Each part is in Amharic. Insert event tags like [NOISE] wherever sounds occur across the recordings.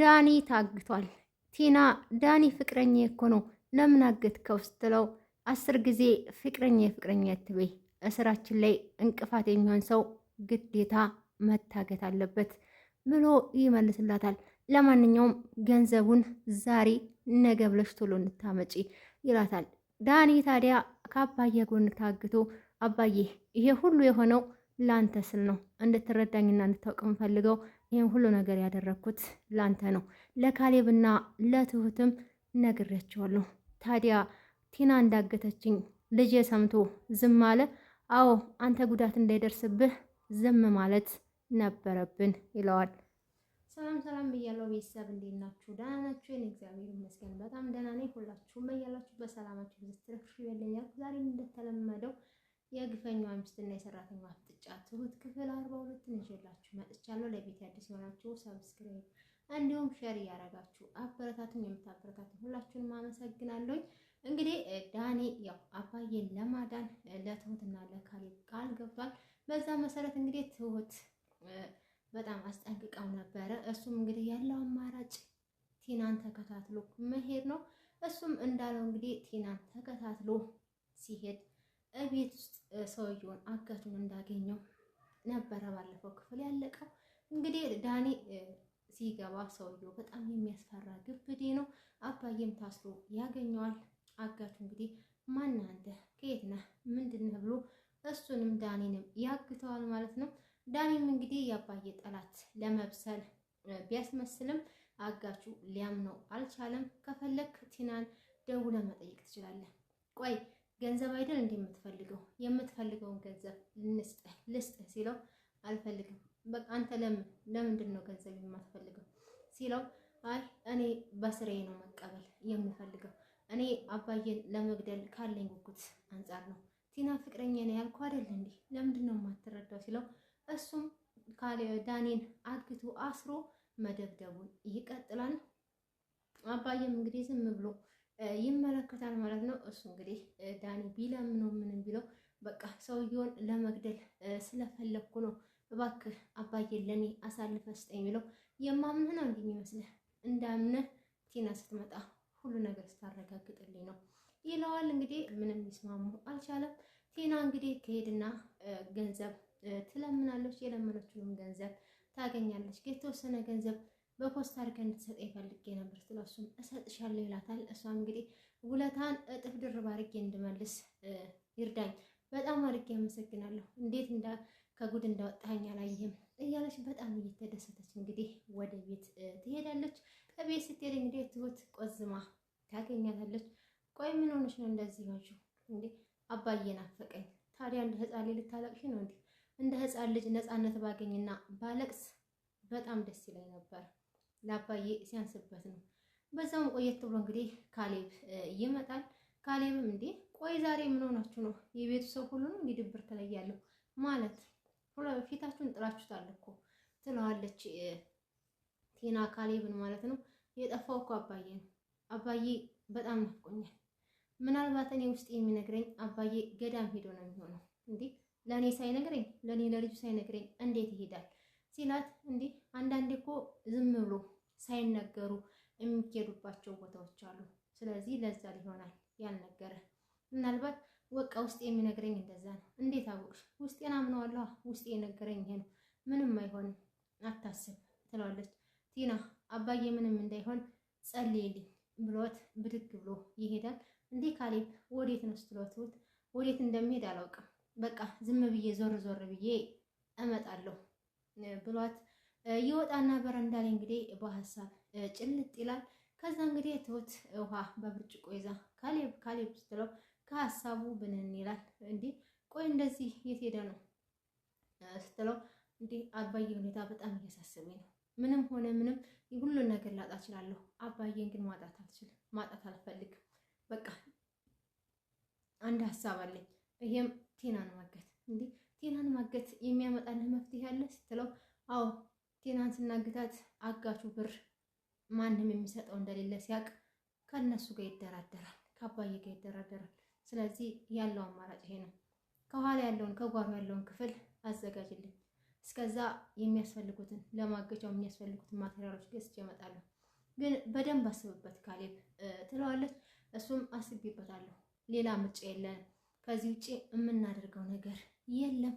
ዳኒ ታግቷል። ቲና ዳኒ ፍቅረኛ እኮ ነው ለምን አገትከው ስትለው አስር ጊዜ ፍቅረኛ ፍቅረኛ አትበይ፣ እስራችን ላይ እንቅፋት የሚሆን ሰው ግዴታ መታገት አለበት ብሎ ይመልስላታል። ለማንኛውም ገንዘቡን ዛሬ ነገ ብለሽ ቶሎ እንታመጪ ይላታል። ዳኒ ታዲያ ከአባዬ ጎን ታግቶ አባዬ ይሄ ሁሉ የሆነው ለአንተ ስል ነው እንድትረዳኝና እንድታውቅ ምፈልገው ይህን ሁሉ ነገር ያደረግኩት ላንተ ነው። ለካሌብና ለትሁትም ነግሬያቸዋለሁ። ታዲያ ቲና እንዳገተችኝ ልጄ ሰምቶ ዝም አለ። አዎ አንተ ጉዳት እንዳይደርስብህ ዝም ማለት ነበረብን ይለዋል። ሰላም ሰላም ብያለሁ ቤተሰብ፣ እንዴት ናችሁ? ደህና ናችሁ? እኔ እግዚአብሔር ይመስገን በጣም ደህና ነኝ። ሁላችሁም በያላችሁ በሰላማችሁ ብዝትረፍ ይበለኛል። ዛሬም እንደተለመደው የግፈኛዋ ሚስትና የሰራተኛ የቅርጫት ትሁት ክፍል አርባ ሁለትን ይዤላችሁ መጥቻለሁ። ለቤት አዲስ የሆናችሁ ሰብስክራይብ እንዲሁም ሼር እያደረጋችሁ አበረታቱን። የምታበረታቱን ሁላችሁንም አመሰግናለሁ። እንግዲህ ዳኒ ያው አባዬን ለማዳን ለትሁትና ለካሌብ ቃል ገብቷል። በዛ መሰረት እንግዲህ ትሁት በጣም አስጠንቅቀው ነበረ። እሱም እንግዲህ ያለው አማራጭ ቲናን ተከታትሎ መሄድ ነው። እሱም እንዳለው እንግዲህ ቲናን ተከታትሎ ሲሄድ እቤት ውስጥ ሰውየውን አጋቹን እንዳገኘው ነበረ ባለፈው ክፍል ያለቀው። እንግዲህ ዳኒ ሲገባ ሰውየው በጣም የሚያስፈራ ግብዴ ነው። አባዬም ታስሮ ያገኘዋል። አጋቹ እንግዲህ ማን አንተ፣ ከየት ነህ፣ ምንድን ብሎ እሱንም ዳኒንም ያግተዋል ማለት ነው። ዳኒም እንግዲህ የአባዬ ጠላት ለመብሰል ቢያስመስልም አጋቹ ሊያምነው አልቻለም። ከፈለክ ቲናን ደውለህ መጠየቅ ትችላለህ። ቆይ ገንዘብ አይደል እንዲህ የምትፈልገው የምትፈልገውን ገንዘብ ልስጥ ልስጥህ ሲለው አልፈልግም። በቃ አንተ ለምን ለምንድን ነው ገንዘብ የማትፈልገው ሲለው አይ እኔ በስሬ ነው መቀበል የምፈልገው እኔ አባዬን ለመግደል ካለኝ ጉጉት አንጻር ነው ቲና ፍቅረኛ ነው ያልኩ አይደል እንዴ ለምንድን ነው የማትረዳው ሲለው እሱም ዳኔን አግቶ አስሮ መደብደቡን ይቀጥላል። አባዬም እንግዲህ ዝም ብሎ ይመለከታል ማለት ነው። እሱ እንግዲህ ዳኒ ቢለምነው ምንም ቢለው በቃ ሰውየውን ለመግደል ስለፈለግኩ ነው፣ እባክህ አባዬን ለእኔ አሳልፈ ስጠኝ የሚለው የማምንህ ነው እንዲህ የሚመስልህ እንዳምነህ ቲና ስትመጣ ሁሉ ነገር ስታረጋግጥልኝ ነው ይለዋል። እንግዲህ ምንም ሊስማሙ አልቻለም። ቲና እንግዲህ ከሄድና ገንዘብ ትለምናለች። የለመነችውንም ገንዘብ ታገኛለች የተወሰነ ገንዘብ በፖስት አድርገህ እንድትሰጠ ይፈልጌ ነበር ስትለው እሱም እሰጥሻለሁ ይላታል። እሷ እንግዲህ ውለታን እጥፍ ድርብ አድርጌ እንድመልስ ይርዳኝ፣ በጣም አድርጌ አመሰግናለሁ፣ እንዴት እንደ ከጉድ እንዳወጣኝ አላየህም እያለች በጣም እየተደሰተች እንግዲህ ወደ ቤት ትሄዳለች። ከቤት ስትሄድ እንግዲህ ትሁት ቆዝማ ታገኛታለች። ቆይ ምን ሆነች ነው እንደዚህ ሆንሽ እንዴ? አባዬ ናፈቀኝ። ታዲያ እንደ ህፃን ልጅ ልታለቅሽ ነው እንዴ? እንደ ህፃን ልጅ ነፃነት ባገኝና ባለቅስ በጣም ደስ ይለኝ ነበር። ለአባዬ ሲያንስበት ነው። በዛውም ቆየት ብሎ እንግዲህ ካሌብ ይመጣል። ካሌብም እንዴ ቆይ ዛሬ ምን ሆናችሁ ነው? የቤቱ ሰው ሁሉ ነው እንዲድብር ድብርት ላይ ማለት ፊታችሁን ጥላችሁታል እኮ ትለዋለች ቲና ካሌብን ማለት ነው። የጠፋው እኮ አባዬ ነው። አባዬ በጣም ናፍቆኛል። ምናልባት እኔ ውስጥ የሚነግረኝ አባዬ ገዳም ሄዶ ነው የሚሆነው። እንዴ ለእኔ ሳይነግረኝ ለእኔ ለልጁ ሳይነግረኝ እንዴት ይሄዳል? ሲላት እንዲህ አንዳንዴ እኮ ዝም ብሎ ሳይነገሩ የሚኬዱባቸው ቦታዎች አሉ። ስለዚህ ለዛ ሊሆናል ያልነገረ ምናልባት ወቃ ውስጤ የሚነግረኝ እንደዛ ነው። እንዴት አወቅሽ? ውስጤን አምነዋለሁ። ውስጤ የነገረኝ ይሄ ነው። ምንም አይሆንም አታስብ ትለዋለች ቲና። አባዬ ምንም እንዳይሆን ጸልይልኝ ብሎት ብድግ ብሎ ይሄዳል። እንዴ ካሌብ ወዴት ነው ስትሎት፣ ወዴት እንደሚሄድ አላውቅም። በቃ ዝም ብዬ ዞር ዞር ብዬ እመጣለሁ ብሏት ይወጣና በረንዳ ላይ እንግዲህ በሀሳብ ጭልጥ ይላል። ከዛ እንግዲህ ትሁት ውሃ በብርጭቆ ይዛ ካሌብ ካሌብ ስትለው ከሀሳቡ ብንን ይላል። እንዲህ ቆይ እንደዚህ የት ሄደ ነው ስትለው እንዲህ አባዬ ሁኔታ በጣም እያሳሰበኝ ነው። ምንም ሆነ ምንም ሁሉን ነገር ላጣ እችላለሁ። አባዬን ግን ማጣት አልችልም፣ ማጣት አልፈልግም። በቃ አንድ ሀሳብ አለኝ፣ ይሄም ቴናን ማገት እንዲህ ቴናን ማገት የሚያመጣልህ መፍትሄ አለ ስትለው፣ አዎ ቴናን ስናግታት አጋቹ ብር ማንም የሚሰጠው እንደሌለ ሲያውቅ ከነሱ ጋር ይደራደራል፣ ከአባዬ ጋር ይደራደራል። ስለዚህ ያለው አማራጭ ይሄ ነው። ከኋላ ያለውን ከጓሮ ያለውን ክፍል አዘጋጅልኝ። እስከዛ የሚያስፈልጉትን ለማገቻው የሚያስፈልጉትን ማቴሪያሎች ገዝቼ እመጣለሁ። ግን በደንብ አስብበት ካሌብ ትለዋለች። እሱም አስቤበታለሁ፣ ሌላ ምርጫ የለንም። ከዚህ ውጭ የምናደርገው ነገር የለም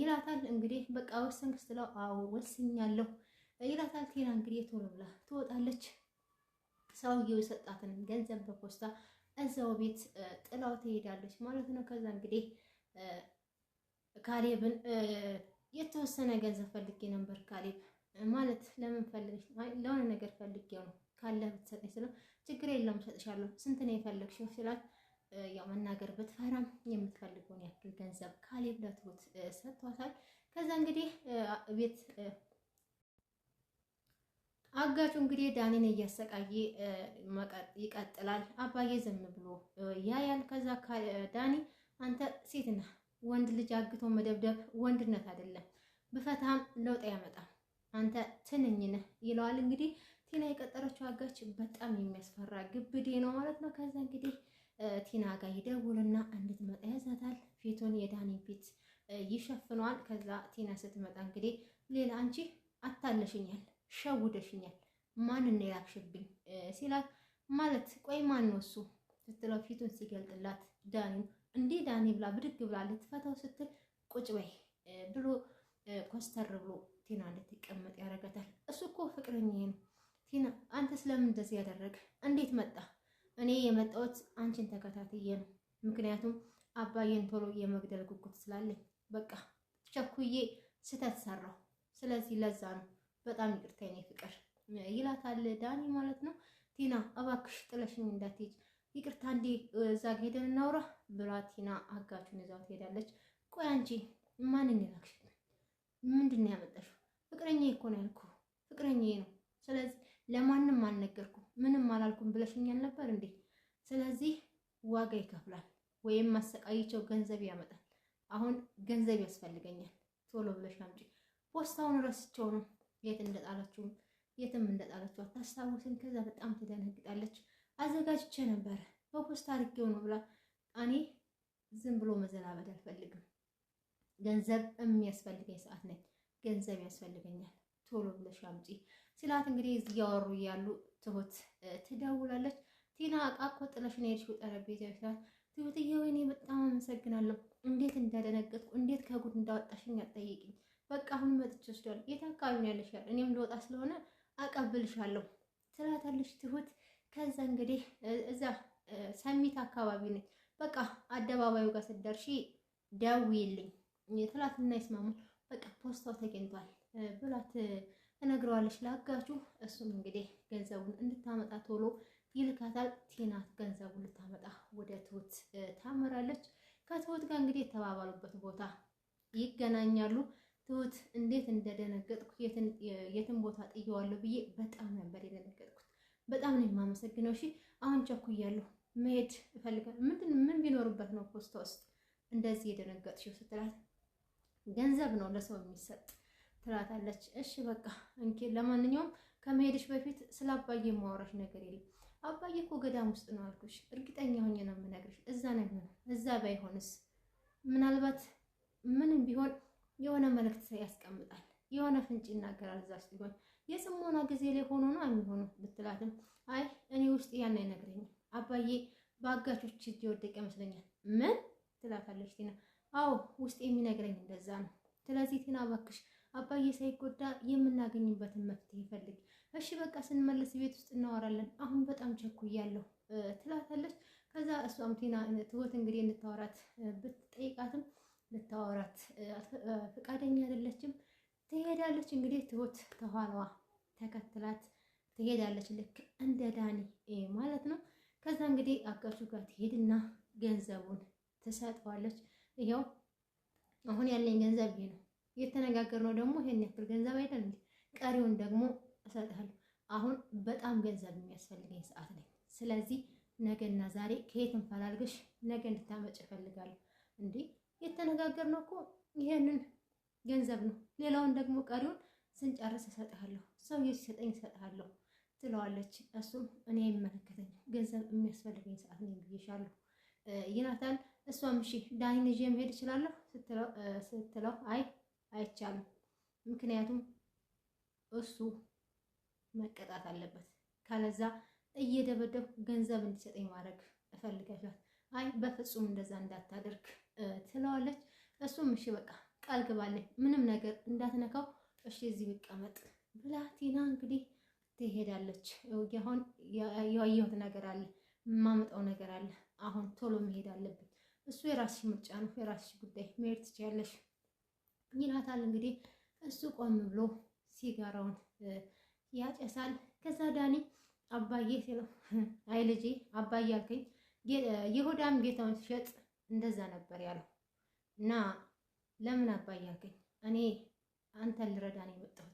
ይላታል። እንግዲህ በቃ ወሰንክ ስትለው አዎ ወስኛለሁ ይላታል። ቴና እንግዲህ ቶሎ ብላ ትወጣለች። ሰውየው የሰጣትን ገንዘብ በፖስታ እዛው ቤት ጥላው ትሄዳለች ማለት ነው። ከዛ እንግዲህ ካሌብን የተወሰነ ገንዘብ ፈልጌ ነበር ካሌብ ማለት ለምን ፈልግሽ? ለሆነ ነገር ፈልጌው ነው ካለ ብትሰጠኝ ስለው ችግር የለውም እሰጥሻለሁ። ስንት ነው የፈለግሽው? ስላት ያው መናገር ብትፈራም የምትፈልገውን ያክል ገንዘብ ካሌብ ለትሁት ሰጥቷታል። ከዛ እንግዲህ ቤት አጋጩ እንግዲህ ዳኒን እያሰቃየ ይቀጥላል። አባዬ ዝም ብሎ ያያል። ከዛ ዳኒ አንተ ሴት ነህ፣ ወንድ ልጅ አግቶ መደብደብ ወንድነት አይደለም፣ ብፈታም ለውጥ ያመጣም፣ አንተ ትንኝ ነህ ይለዋል። እንግዲህ ቲና የቀጠረችው አጋች በጣም የሚያስፈራ ግብዴ ነው ማለት ነው። ከዛ እንግዲህ ቲና ጋር ይደውልና እንድትመጣ ያዛታል። ፊቱን የዳኒ ፊት ይሸፍነዋል። ከዛ ቲና ስትመጣ እንግዲህ ሌላ አንቺ አታለሽኛል፣ ሸውደሽኛል፣ ነው የላክሽብኝ ሲላት ማለት ቆይ ማን ነው እሱ ስትለው ፊቱን ሲገልጥላት ዳኒ እንዴ ዳኒ ብላ ብድግ ብላ ልትፈታው ስትል ቁጭ በይ ብሎ ኮስተር ብሎ ቲና እንድትቀመጥ ያደርጋታል። እሱ እኮ ፍቅረኛዬ ነው ቲና፣ አንተ ስለምን እንደዚህ ያደረግ እንዴት መጣ እኔ የመጣሁት አንቺን ተከታትዬ ነው። ምክንያቱም አባዬን ቶሎ የመግደል ጉጉት ስላለኝ በቃ ቸኩዬ ስተት ሰራሁ። ስለዚህ ለዛ ነው። በጣም ይቅርታ የኔ ፍቅር ይላታል ዳኒ ማለት ነው። ቲና እባክሽ ጥለሽኝ እንዳትሄጂ ይቅርታ፣ እንዴ እዛ ሄደን እናውራ ብላ ቲና አጋቹን ይዛው ትሄዳለች። ቆይ አንቺ ማንን ይላክሽ? ምንድን ነው ያመጣሽው? ፍቅረኛ እኮ ነው ያልኩህ፣ ፍቅረኛዬ ነው። ስለዚህ ለማንም አልነገርኩም ምንም አላልኩም ብለሽኛል ነበር እንዴ? ስለዚህ ዋጋ ይከፍላል፣ ወይም ማሰቃይቸው ገንዘብ ያመጣል። አሁን ገንዘብ ያስፈልገኛል፣ ቶሎ ብለሽ አምጪ። ፖስታውን ረስቸው ነው የት እንደጣላችሁም የትም እንደጣለችው አታስታውስም። ከዛ በጣም ትደነግጣለች። አዘጋጅቼ ነበረ በፖስታ አድርጌው ነው ብላ እኔ ዝም ብሎ መዘላበድ አልፈልግም። ገንዘብ የሚያስፈልገኝ ሰዓት ነኝ። ገንዘብ ያስፈልገኛል፣ ቶሎ ብለሽ አምጪ። ሲላት እንግዲህ እዚህ እያወሩ እያሉ ትሁት ትደውላለች። ቲና እቃ እኮ ጥለሽ ነው የሄድሽው ጠረጴዛ ይችላል። ትሁትዬ ወይኔ በጣም አመሰግናለሁ። እንዴት እንዳደነገጥኩ እንዴት ከጉድ እንዳወጣሽኝ አጠይቅኝ። በቃ አሁን መጥቼ ወስዳለሁ። የት አካባቢ ነው ያለሽ? እኔም ልወጣ ስለሆነ አቀብልሻለሁ ትላታለች ትሁት። ከዛ እንግዲህ እዛ ሰሚት አካባቢ ነኝ፣ በቃ አደባባዩ ጋር ስደርሺ ደውዪልኝ ትላትና ይስማሙ። በቃ ፖስታው ተገኝቷል ብላት ትነግረዋለች ላጋችሁ እሱም እንግዲህ ገንዘቡን እንድታመጣ ቶሎ ይልካታል። ቲናት ገንዘቡን እንድታመጣ ወደ ትሁት ታመራለች። ከትሁት ጋር እንግዲህ የተባባሉበት ቦታ ይገናኛሉ። ትሁት እንዴት እንደደነገጥኩ የትን ቦታ ጥየዋለሁ ብዬ በጣም ነበር የደነገጥኩት። በጣም ነው የማመሰግነው። እሺ አሁን ቸኩያለሁ መሄድ እፈልጋለሁ። ምንድን ምን ቢኖርበት ነው ፖስታ ውስጥ እንደዚህ የደነገጥሽው ስትላት ገንዘብ ነው ለሰው የሚሰጥ ትላታለች። እሺ በቃ እንኪ፣ ለማንኛውም ከመሄድሽ በፊት ስለ አባዬ የማወራሽ ነገር የለም። አባዬ እኮ ገዳም ውስጥ ነው አልኩሽ። እርግጠኛ ሆኜ ነው የምነግርሽ። እዛ ነው የሚሆነው። እዛ ባይሆንስ ምናልባት ምንም ቢሆን የሆነ መልእክት ያስቀምጣል፣ የሆነ ፍንጭ ይናገራል። እዛ ውስጥ ቢሆን የጽሞና ጊዜ ላይ ሆኖ ነው የሚሆኑ ብትላትም፣ አይ እኔ ውስጥ ያን አይነግረኝም። አባዬ በአጋቾች እጅ የወደቀ ይመስለኛል። ምን ትላታለች ቲና። አዎ ውስጥ የሚነግረኝ እንደዛ ነው። ስለዚህ ቲና እባክሽ አባዬ ሳይጎዳ የምናገኝበትን መፍትሄ ይፈልግ። እሺ በቃ ስንመለስ ቤት ውስጥ እናወራለን፣ አሁን በጣም ቸኩያለሁ ትላታለች። ከዛ እሷም ቲና ትሁት እንግዲህ እንታወራት ብትጠይቃትም ልታወራት ፈቃደኛ አይደለችም። ትሄዳለች እንግዲህ ትሁት ከኋላዋ ተከትላት ትሄዳለች ልክ እንደ ዳኒ ማለት ነው። ከዛ እንግዲህ አጋቹ ጋር ትሄድና ገንዘቡን ትሰጠዋለች። ይኸው አሁን ያለኝ ገንዘብ ይሄ ነው የተነጋገርነው ደግሞ ይሄን ያክል ገንዘብ አይደል እንዴ? ቀሪውን ደግሞ እሰጥሃለሁ። አሁን በጣም ገንዘብ የሚያስፈልገኝ ሰዓት ነኝ። ስለዚህ ነገና ዛሬ ከየት እንፈላልግሽ ነገ እንድታመጭ እፈልጋለሁ። እንዴ የተነጋገርነው እኮ ይሄንን ገንዘብ ነው። ሌላውን ደግሞ ቀሪውን ስንጨርስ እሰጥሃለሁ። ሰውዬው ሲሰጠኝ እሰጥሃለሁ ትለዋለች። እሱም እኔ የሚመለከተኝ ገንዘብ የሚያስፈልገኝ ሰዓት ነኝ ብዬሻለሁ ይናታል። እሷም እሺ ዳኒን ይዤ መሄድ እችላለሁ ስትለው አይ አይቻልም። ምክንያቱም እሱ መቀጣት አለበት። ካለዛ እየደበደብ ገንዘብ እንዲሰጠኝ ማድረግ እፈልጋለሁ። አይ በፍጹም እንደዛ እንዳታደርግ ትለዋለች። እሱም እሺ በቃ ቃል ግባለኝ፣ ምንም ነገር እንዳትነካው፣ እሺ እዚህ ይቀመጥ ብላ ቲና እንግዲህ ትሄዳለች። አሁን የዋየሁት ነገር አለ፣ የማመጣው ነገር አለ። አሁን ቶሎ መሄድ አለብኝ። እሱ የራስሽ ምርጫ ነው፣ የራስሽ ጉዳይ መሄድ ትችያለሽ። ይላታል። እንግዲህ እሱ ቆም ብሎ ሲጋራውን ያጨሳል። ከዛ ዳኒ አባዬ ሲለው [LAUGHS] አይ ልጄ አባዬ ያልከኝ የሆዳም ጌታውን ሲሸጥ እንደዛ ነበር ያለው እና ለምን አባዬ ያልከኝ እኔ አንተን ልረዳን የመጣሁት